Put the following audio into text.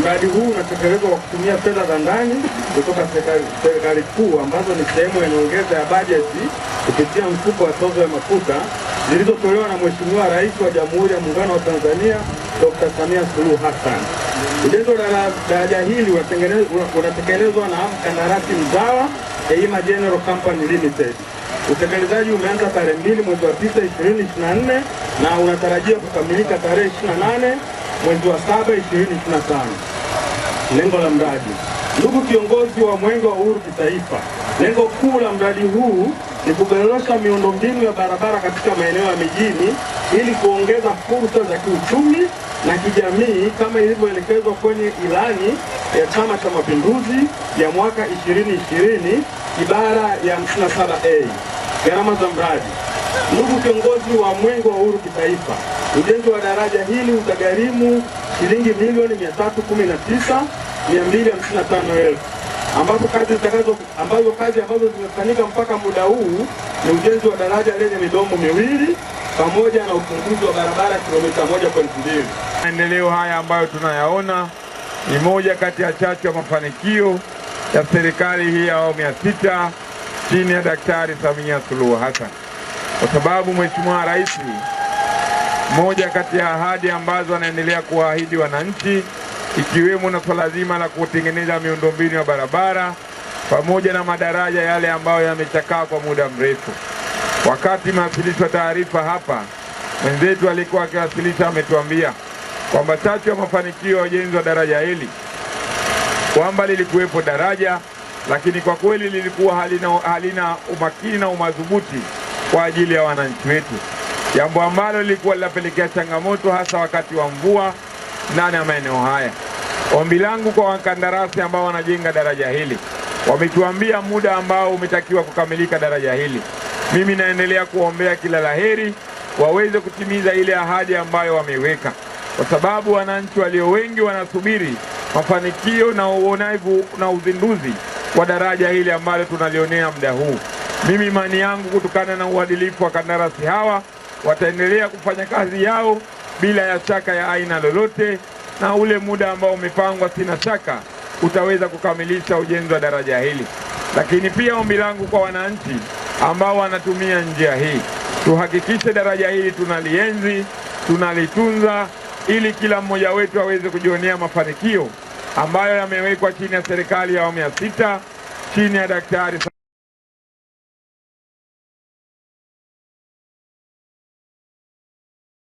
Mradi huu unatekelezwa kwa kutumia fedha za ndani kutoka serikali kuu ambazo ni sehemu ya nyongeza ya bajeti kupitia mfuko wa tozo ya mafuta zilizotolewa na Mheshimiwa Rais wa Jamhuri ya Muungano wa Tanzania Dr. Samia Suluhu Hassan. Ujenzi wa daraja hili unatekelezwa na mkandarasi mzawa eima General Company Limited. Utekelezaji umeanza tarehe mbili mwezi wa tisa 2024 na unatarajiwa kukamilika tarehe 28 mwezi wa saba ishirini na tano. Lengo la mradi. Ndugu kiongozi wa Mwenge wa Uhuru Kitaifa, lengo kuu la mradi huu ni kuboresha miundombinu ya barabara katika maeneo ya mijini ili kuongeza fursa za kiuchumi na kijamii kama ilivyoelekezwa kwenye ilani ya Chama cha Mapinduzi ya mwaka 2020 ibara ya 57A. Gharama za mradi Ndugu kiongozi wa Mwenge wa Uhuru Kitaifa, ujenzi wa daraja hili utagharimu shilingi milioni 319,255,000 ambapo kazi zitakazo ambazo kazi ambazo zimefanyika mpaka muda huu ni ujenzi wa daraja lenye midomo miwili pamoja na upunguzi wa barabara kilomita 1.2. Maendeleo haya ambayo tunayaona ni moja kati ya chachu ya mafanikio ya serikali hii ya awamu ya sita chini ya Daktari Samia Suluhu Hassan kwa sababu Mheshimiwa Rais, moja kati ya ahadi ambazo anaendelea kuwaahidi wananchi ikiwemo na swala zima la kutengeneza miundombinu ya barabara pamoja na madaraja yale ambayo yamechakaa kwa muda mrefu. Wakati imewasilishwa taarifa hapa, mwenzetu alikuwa akiwasilisha, ametuambia kwamba chachu ya mafanikio ya ujenzi wa daraja hili kwamba lilikuwepo daraja, lakini kwa kweli lilikuwa halina, halina umakini na umadhubuti kwa ajili ya wananchi wetu, jambo ambalo lilikuwa linapelekea changamoto hasa wakati wa mvua ndani ya maeneo haya. Ombi langu kwa wakandarasi ambao wanajenga daraja hili, wametuambia muda ambao umetakiwa kukamilika daraja hili. Mimi naendelea kuombea kila laheri, waweze kutimiza ile ahadi ambayo wameweka kwa sababu wananchi walio wengi wanasubiri mafanikio na uonevu na uzinduzi wa daraja hili ambalo tunalionea muda huu. Mimi imani yangu kutokana na uadilifu wa kandarasi hawa wataendelea kufanya kazi yao bila ya shaka ya aina lolote, na ule muda ambao umepangwa, sina shaka utaweza kukamilisha ujenzi wa daraja hili. Lakini pia ombi langu kwa wananchi ambao wanatumia njia hii, tuhakikishe daraja hili tunalienzi, tunalitunza, ili kila mmoja wetu aweze kujionea mafanikio ambayo yamewekwa chini ya serikali ya awamu ya sita chini ya Daktari